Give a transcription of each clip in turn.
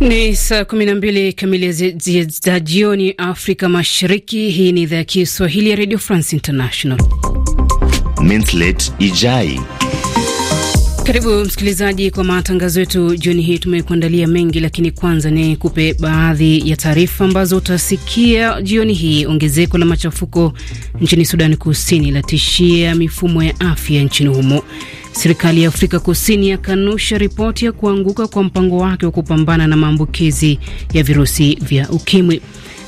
Ni saa mbili kamili za jioni Afrika Mashariki. Hii ni idhaa ya Kiswahili ya Radio France International. minslate Ijai karibu msikilizaji kwa matangazo yetu jioni hii. Tumekuandalia mengi, lakini kwanza ni kupe baadhi ya taarifa ambazo utasikia jioni hii. Ongezeko la machafuko nchini Sudani Kusini latishia mifumo ya afya nchini humo. Serikali ya Afrika Kusini yakanusha ripoti ya kuanguka kwa mpango wake wa kupambana na maambukizi ya virusi vya ukimwi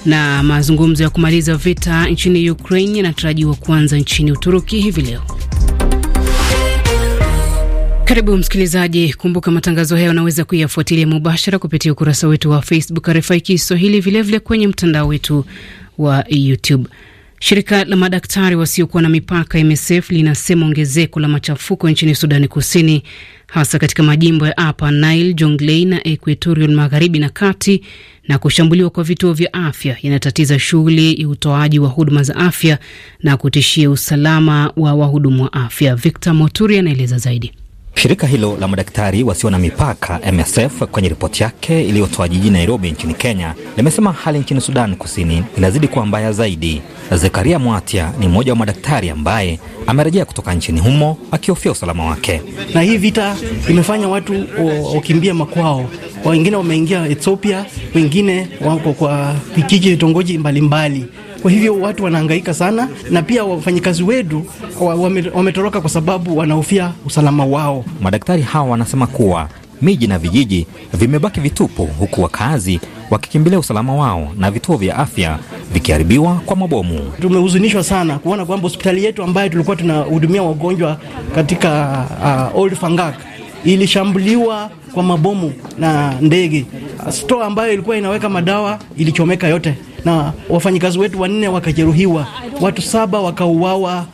na mazungumzo ya kumaliza vita nchini ukraini yanatarajiwa kuanza nchini Uturuki hivi leo. Karibu msikilizaji, kumbuka matangazo haya unaweza kuyafuatilia mubashara kupitia ukurasa wetu wa Facebook RFI Kiswahili, vilevile kwenye mtandao wetu wa YouTube. Shirika la madaktari wasiokuwa na mipaka MSF linasema ongezeko la machafuko nchini Sudani Kusini, hasa katika majimbo ya Upper Nile, Jonglei na Equatorial Magharibi na Kati, na kushambuliwa kwa vituo vya afya yanatatiza shughuli ya utoaji wa huduma za afya na kutishia usalama wa wahudumu wa afya. Victor Moturi anaeleza zaidi. Shirika hilo la madaktari wasio na mipaka MSF kwenye ripoti yake iliyotoa jijini Nairobi nchini Kenya limesema hali nchini Sudan Kusini inazidi kuwa mbaya zaidi. Zekaria Mwatia ni mmoja wa madaktari ambaye amerejea kutoka nchini humo akihofia usalama wake. Na hii vita imefanya watu wakimbia makwao, wengine wameingia Ethiopia, wengine wako kwa vijiji, vitongoji mbalimbali mbali. Kwa hivyo watu wanahangaika sana, na pia wafanyikazi wetu wametoroka kwa sababu wanahofia usalama wao. Madaktari hawa wanasema kuwa miji na vijiji vimebaki vitupu, huku wakazi wakikimbilia usalama wao na vituo vya afya vikiharibiwa kwa mabomu. Tumehuzunishwa sana kuona kwamba hospitali yetu ambayo tulikuwa tunahudumia wagonjwa katika uh, Old Fangak ilishambuliwa kwa mabomu na ndege. Store ambayo ilikuwa inaweka madawa ilichomeka yote na wafanyikazi wetu wanne wakajeruhiwa, watu saba wakauawa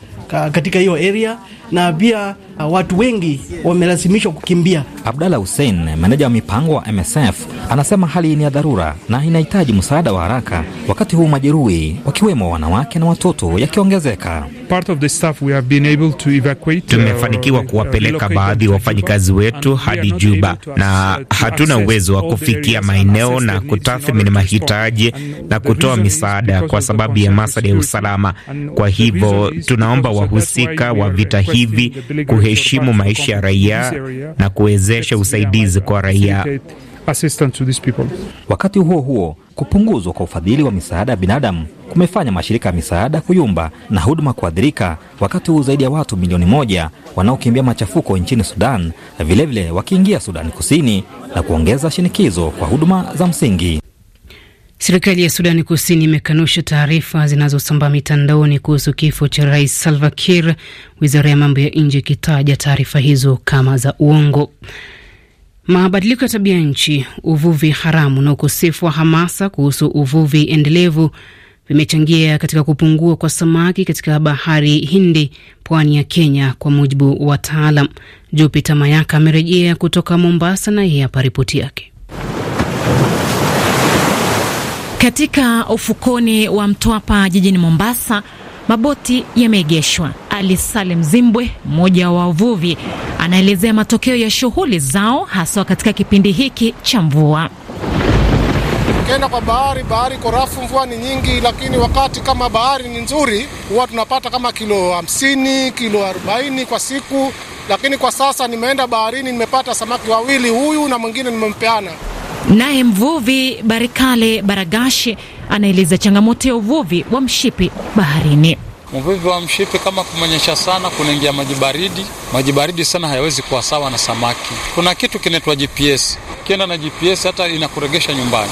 katika hiyo area na pia uh, watu wengi wamelazimishwa kukimbia. Abdalla Hussein, meneja wa mipango wa MSF Anasema hali ni ya dharura na inahitaji msaada wa haraka, wakati huu majeruhi wakiwemo wanawake na watoto yakiongezeka. Uh, Tumefanikiwa kuwapeleka baadhi ya wafanyikazi wetu hadi Juba na hatuna uwezo wa kufikia maeneo na kutathmini mahitaji na kutoa misaada kwa sababu ya masada ya usalama. Kwa hivyo tunaomba wahusika wa vita hivi kuheshimu maisha ya raia na kuwezesha usaidizi kwa raia assistance to these people. Wakati huo huo, kupunguzwa kwa ufadhili wa misaada ya binadamu kumefanya mashirika ya misaada kuyumba na huduma kuadhirika, wakati huu zaidi ya watu milioni moja wanaokimbia machafuko nchini Sudan na vilevile wakiingia Sudani Kusini na kuongeza shinikizo kwa huduma za msingi. Serikali ya Sudani Kusini imekanusha taarifa zinazosambaa mitandaoni kuhusu kifo cha rais Salva Kiir, wizara ya mambo ya nje ikitaja taarifa hizo kama za uongo. Mabadiliko ya tabia nchi, uvuvi haramu na ukosefu wa hamasa kuhusu uvuvi endelevu vimechangia katika kupungua kwa samaki katika bahari Hindi, pwani ya Kenya, kwa mujibu wa wataalam. jupita Mayaka amerejea kutoka Mombasa na yeye hapa ripoti yake. Katika ufukoni wa Mtwapa jijini Mombasa maboti yameegeshwa. Ali salim Zimbwe, mmoja wa wavuvi, anaelezea matokeo ya shughuli zao haswa katika kipindi hiki cha mvua. Tukienda kwa bahari, bahari iko rafu, mvua ni nyingi, lakini wakati kama bahari ni nzuri, huwa tunapata kama kilo hamsini, kilo arobaini kwa siku. Lakini kwa sasa nimeenda baharini, nimepata samaki wawili, huyu na mwingine nimempeana naye. Mvuvi Barikale Baragashi anaeleza changamoto ya uvuvi wa mshipi baharini. Uvuvi wa mshipi kama kumenyesha sana, kunaingia maji baridi, maji baridi sana hayawezi kuwa sawa na samaki. Kuna kitu kinaitwa GPS, ukienda na GPS hata inakuregesha nyumbani.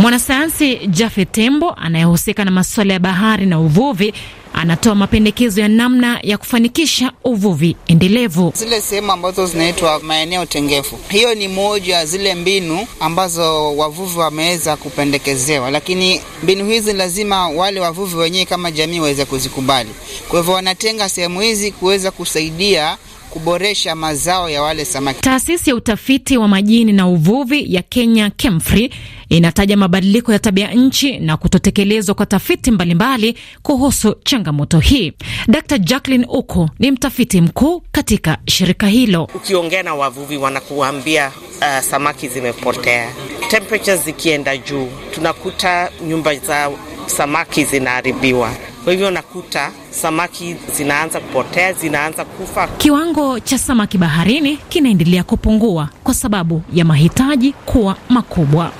Mwanasayansi jafe Tembo anayehusika na masuala ya bahari na uvuvi anatoa mapendekezo ya namna ya kufanikisha uvuvi endelevu zile sehemu ambazo zinaitwa maeneo tengefu. Hiyo ni moja ya zile mbinu ambazo wavuvi wameweza kupendekezewa, lakini mbinu hizi lazima wale wavuvi wenyewe kama jamii waweze kuzikubali. Kwa hivyo wanatenga sehemu hizi kuweza kusaidia kuboresha mazao ya wale samaki. Taasisi ya utafiti wa majini na uvuvi ya Kenya KEMFRI inataja mabadiliko ya tabia nchi na kutotekelezwa kwa tafiti mbalimbali mbali kuhusu changamoto hii. Dr Jacqueline Uko ni mtafiti mkuu katika shirika hilo. Ukiongea na wavuvi wanakuambia, uh, samaki zimepotea, temperatures zikienda juu, tunakuta nyumba za samaki zinaharibiwa kwa hivyo nakuta samaki zinaanza kupotea, zinaanza kufa. Kiwango cha samaki baharini kinaendelea kupungua kwa sababu ya mahitaji kuwa makubwa.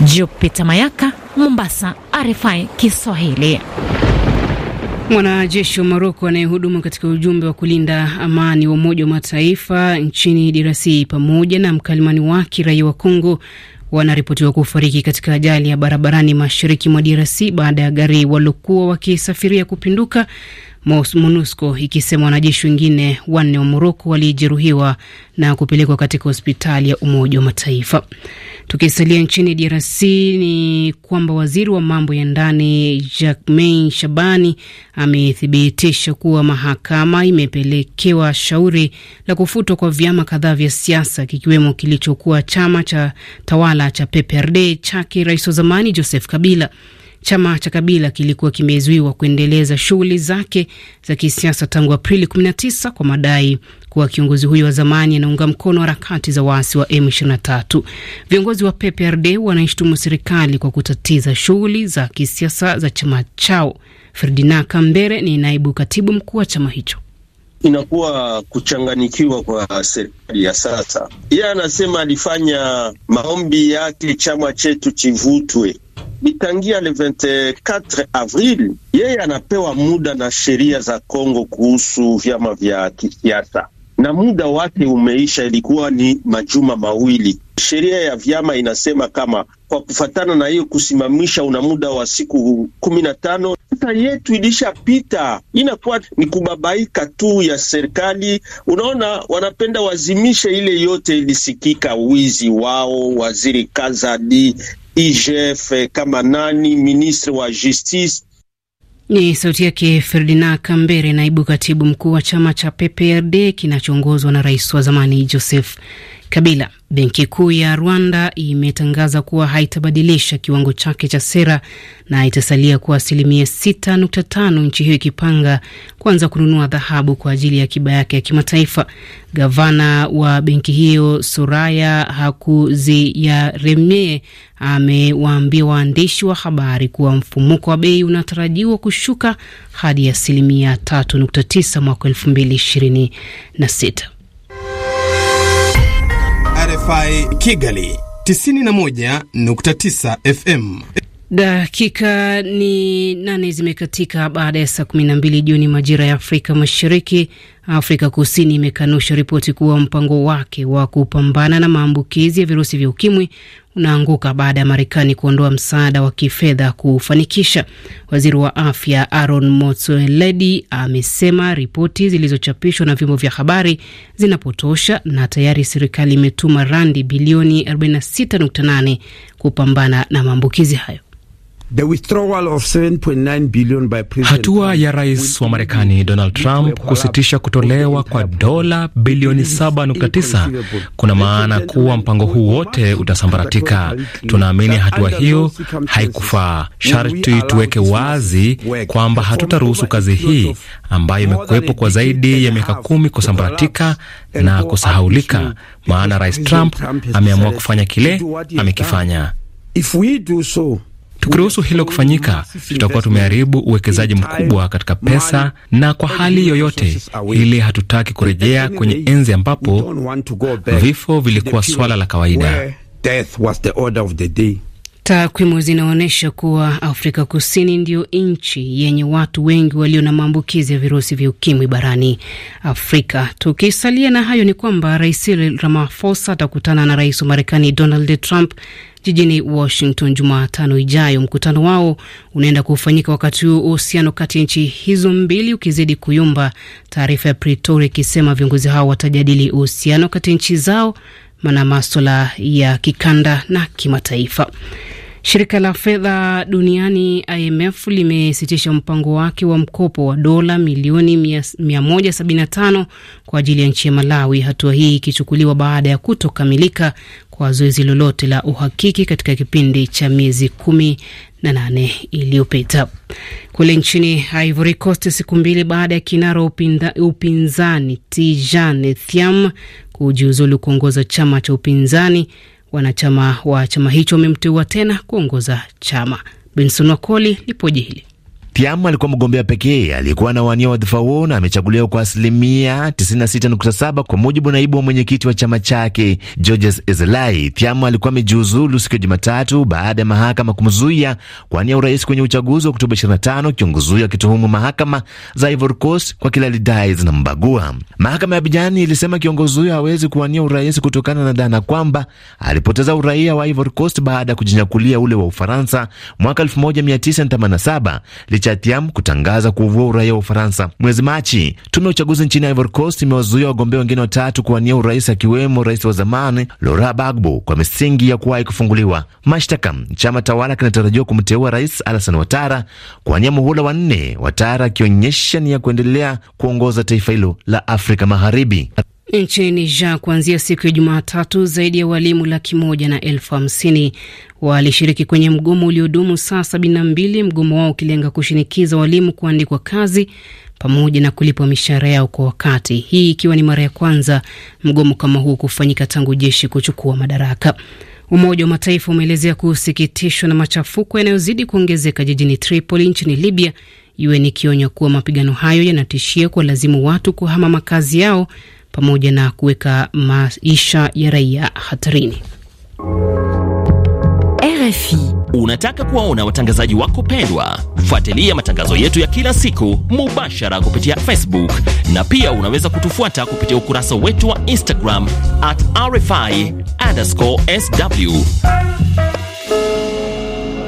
Jupita Mayaka, Mombasa, RFI Kiswahili. Mwanajeshi wa moroko anayehudumu katika ujumbe wa kulinda amani wa Umoja wa Mataifa nchini DRC pamoja na mkalimani wake raia wa Kongo wanaripotiwa kufariki katika ajali ya barabarani mashariki mwa DRC baada ya gari waliokuwa wakisafiria kupinduka, MONUSCO ikisema wanajeshi wengine wanne wa Moroko walijeruhiwa na kupelekwa katika hospitali ya Umoja wa Mataifa. Tukisalia nchini DRC ni kwamba waziri wa mambo ya ndani Jacmain Shabani amethibitisha kuwa mahakama imepelekewa shauri la kufutwa kwa vyama kadhaa vya siasa kikiwemo kilichokuwa chama cha tawala cha PPRD chake rais wa zamani Joseph Kabila. Chama cha Kabila kilikuwa kimezuiwa kuendeleza shughuli zake za kisiasa tangu Aprili 19 kwa madai kuwa kiongozi huyo wa zamani anaunga mkono harakati za waasi wa M23. Viongozi wa PPRD wanaishtumu serikali kwa kutatiza shughuli za kisiasa za chama chao. Ferdinand Kambere ni naibu katibu mkuu wa chama hicho. Inakuwa kuchanganikiwa kwa serikali ya sasa. Yeye anasema alifanya maombi yake chama chetu chivutwe nitangia le 24 Avril. Yeye anapewa muda na sheria za Kongo kuhusu vyama vya kisiasa na muda wake umeisha, ilikuwa ni majuma mawili. Sheria ya vyama inasema kama kwa kufatana na hiyo kusimamisha, una muda wa siku kumi na tano. Sasa yetu ilishapita, inakuwa ni kubabaika tu ya serikali. Unaona, wanapenda wazimishe ile yote. Ilisikika wizi wao, waziri Kazadi IGF kama nani, ministre wa justice ni sauti yake Ferdinand Kambere, naibu katibu mkuu wa chama cha PPRD kinachoongozwa na rais wa zamani Joseph Kabila. Benki Kuu ya Rwanda imetangaza kuwa haitabadilisha kiwango chake cha sera na itasalia kuwa asilimia 6.5, nchi hiyo ikipanga kuanza kununua dhahabu kwa ajili ya akiba yake ya kimataifa. Gavana wa benki hiyo Soraya Hakuziyaremye amewaambia waandishi wa habari kuwa mfumuko wa bei unatarajiwa kushuka hadi asilimia 3.9 mwaka 2026. RFI Kigali 91.9 FM. Dakika ni nane zimekatika baada ya saa 12 jioni majira ya Afrika Mashariki. Afrika Kusini imekanusha ripoti kuwa mpango wake wa kupambana na maambukizi ya virusi vya ukimwi unaanguka baada ya Marekani kuondoa msaada wa kifedha kufanikisha. Waziri wa afya Aaron Motsoaledi amesema ripoti zilizochapishwa na vyombo vya habari zinapotosha na tayari serikali imetuma randi bilioni 46.8 kupambana na maambukizi hayo. The withdrawal of 7.9 billion by President hatua ya rais wa Marekani Donald Trump kusitisha kutolewa kwa dola bilioni 7.9 kuna maana kuwa mpango huu wote utasambaratika. Tunaamini hatua hiyo haikufaa. Sharti tuweke wazi kwamba hatutaruhusu kazi hii ambayo imekuwepo kwa zaidi ya miaka kumi kusambaratika na kusahaulika, maana rais Trump ameamua kufanya kile amekifanya. If we do so, Tukiruhusu hilo kufanyika, tutakuwa tumeharibu uwekezaji mkubwa katika pesa, na kwa hali yoyote ile hatutaki kurejea kwenye enzi ambapo vifo vilikuwa swala la kawaida. Takwimu zinaonyesha kuwa Afrika Kusini ndiyo nchi yenye watu wengi walio na maambukizi ya virusi vya ukimwi barani Afrika. Tukisalia na hayo, ni kwamba Rais ramafosa Ramaphosa atakutana na rais wa Marekani Donald Trump jijini Washington Jumatano ijayo. Mkutano wao unaenda kufanyika wakati huo uhusiano kati ya nchi hizo mbili ukizidi kuyumba, taarifa ya Pretoria ikisema viongozi hao watajadili uhusiano kati ya nchi zao, na maswala ya kikanda na kimataifa. Shirika la fedha duniani IMF limesitisha mpango wake wa mkopo wa dola milioni 175 kwa ajili ya nchi ya Malawi, hatua hii ikichukuliwa baada ya kutokamilika kwa zoezi lolote la uhakiki katika kipindi cha miezi kumi na nane iliyopita. Kule nchini Ivory Coast, siku mbili baada ya kinara upinda, upinzani Tijane Thiam kujiuzulu kuongoza chama cha upinzani Wanachama wa chama hicho wamemteua tena kuongoza chama. Benson Wakoli lipoje hili Thiam alikuwa mgombea pekee aliyekuwa anawania wadhifa huo na amechaguliwa kwa asilimia 96.7 kwa mujibu naibu wa mwenyekiti wa chama chake Georges Ezelai. Thiam alikuwa amejiuzulu siku ya Jumatatu baada ya mahakama kumzuia kuwania urais kwenye uchaguzi wa Oktoba 25, kiongozi huyo akituhumu mahakama za Ivory Coast kwa kila lidai zinambagua. Mahakama ya bijani ilisema kiongozi huyo hawezi kuwania urais kutokana na dhana kwamba alipoteza uraia wa Ivory Coast baada ya kujinyakulia ule wa Ufaransa mwaka 1987 Chatiam kutangaza kuvua uraia wa Ufaransa. Mwezi Machi, tume ya uchaguzi nchini Ivory Coast imewazuia wagombea wengine watatu kuwania urais, akiwemo rais wa zamani Laurent Gbagbo kwa misingi ya kuwahi kufunguliwa mashtaka. Chama tawala kinatarajiwa kumteua Rais Alassane Ouattara kuwania muhula wa nne, Ouattara akionyesha nia ya kuendelea kuongoza taifa hilo la Afrika Magharibi. Nchini Niger kuanzia siku ya Jumatatu, zaidi ya walimu laki moja na elfu hamsini walishiriki kwenye mgomo uliodumu saa sabini na mbili, mgomo wao ukilenga kushinikiza walimu kuandikwa kazi pamoja na kulipwa mishahara yao kwa wakati, hii ikiwa ni mara ya kwanza mgomo kama huu kufanyika tangu jeshi kuchukua madaraka. Umoja wa Mataifa umeelezea kusikitishwa na machafuko yanayozidi kuongezeka jijini Tripoli nchini Libya, UN ikionya kuwa mapigano hayo yanatishia kwa lazimu watu kuhama makazi yao pamoja na kuweka maisha ya raia hatarini. RFI. Unataka kuwaona watangazaji wako pendwa? Fuatilia matangazo yetu ya kila siku mubashara kupitia Facebook na pia unaweza kutufuata kupitia ukurasa wetu wa Instagram at rfi RFI_SW.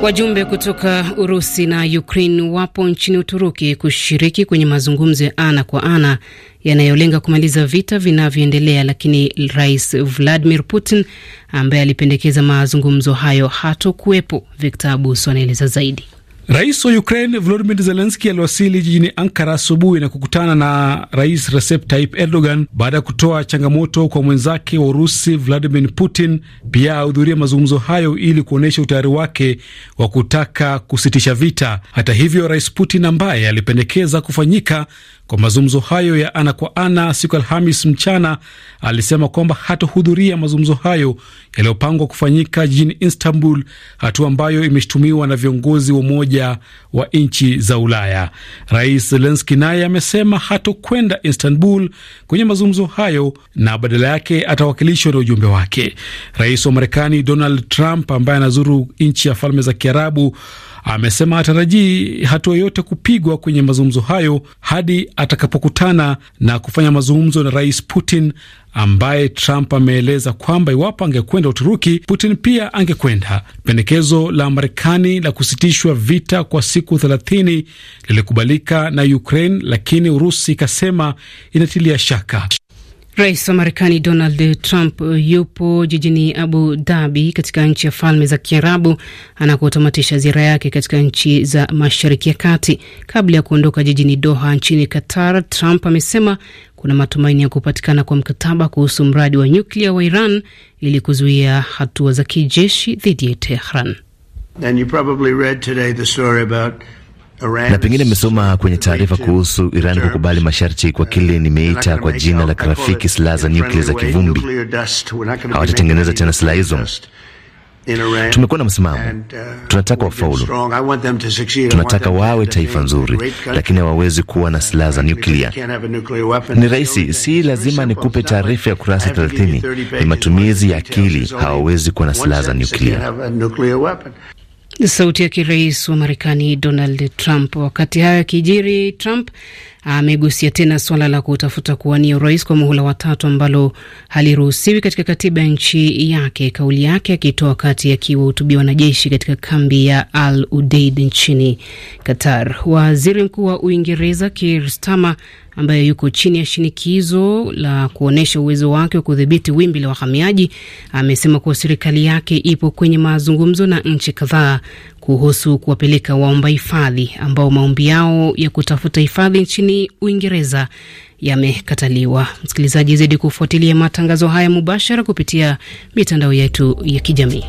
Wajumbe kutoka Urusi na Ukraine wapo nchini Uturuki kushiriki kwenye mazungumzo ya ana kwa ana yanayolenga kumaliza vita vinavyoendelea, lakini Rais Vladimir Putin ambaye alipendekeza mazungumzo hayo hatokuwepo. Victor Abuso anaeleza zaidi. Rais wa Ukraine Volodymyr Zelensky aliwasili jijini Ankara asubuhi na kukutana na Rais Recep Tayyip Erdogan baada ya kutoa changamoto kwa mwenzake wa Urusi Vladimir Putin. Pia ahudhuria mazungumzo hayo ili kuonyesha utayari wake wa kutaka kusitisha vita. Hata hivyo, Rais Putin ambaye alipendekeza kufanyika kwa mazungumzo hayo ya ana kwa ana siku Alhamis mchana, alisema kwamba hatohudhuria mazungumzo hayo yaliyopangwa kufanyika jijini Istanbul, hatua ambayo imeshutumiwa na viongozi wa Umoja wa Nchi za Ulaya. Rais Zelenski naye amesema hatokwenda Istanbul kwenye mazungumzo hayo na badala yake atawakilishwa na ujumbe wake. Rais wa Marekani Donald Trump ambaye anazuru nchi ya Falme za Kiarabu amesema hatarajii hatua yoyote kupigwa kwenye mazungumzo hayo hadi atakapokutana na kufanya mazungumzo na Rais Putin ambaye Trump ameeleza kwamba iwapo angekwenda Uturuki, Putin pia angekwenda. Pendekezo la Marekani la kusitishwa vita kwa siku 30 lilikubalika na Ukraine, lakini Urusi ikasema inatilia shaka. Rais wa Marekani Donald Trump uh, yupo jijini Abu Dhabi katika nchi ya Falme za Kiarabu anakotamatisha ziara yake katika nchi za Mashariki ya Kati. Kabla ya kuondoka jijini Doha nchini Qatar, Trump amesema kuna matumaini ya kupatikana kwa mkataba kuhusu mradi wa nyuklia wa Iran ili kuzuia hatua za kijeshi dhidi ya Tehran na pengine nimesoma kwenye taarifa kuhusu Iran kukubali masharti kwa kile nimeita kwa jina la kirafiki, silaha za nyuklia za kivumbi. Hawatatengeneza tena silaha hizo. Tumekuwa na msimamo, tunataka wafaulu, tunataka wawe taifa nzuri, lakini hawawezi kuwa na silaha za nyuklia. Ni rahisi, si lazima nikupe taarifa ya kurasa 30. Ni matumizi ya akili, hawawezi kuwa na silaha za nyuklia sauti ya kirais wa Marekani Donald Trump. Wakati hayo yakijiri, Trump amegusia tena swala la kutafuta kuwania urais kwa muhula watatu ambalo haliruhusiwi katika katiba ya nchi yake, kauli yake akitoa wakati akiwahutubia wanajeshi katika kambi ya Al Udeid nchini Qatar. Waziri Mkuu wa Uingereza Keir Starmer ambaye yuko chini ya shinikizo la kuonyesha uwezo wake wa kudhibiti wimbi la wahamiaji amesema kuwa serikali yake ipo kwenye mazungumzo na nchi kadhaa kuhusu kuwapeleka waomba hifadhi ambao maombi yao ya kutafuta hifadhi nchini Uingereza yamekataliwa. Msikilizaji, zaidi kufuatilia matangazo haya mubashara kupitia mitandao yetu ya kijamii.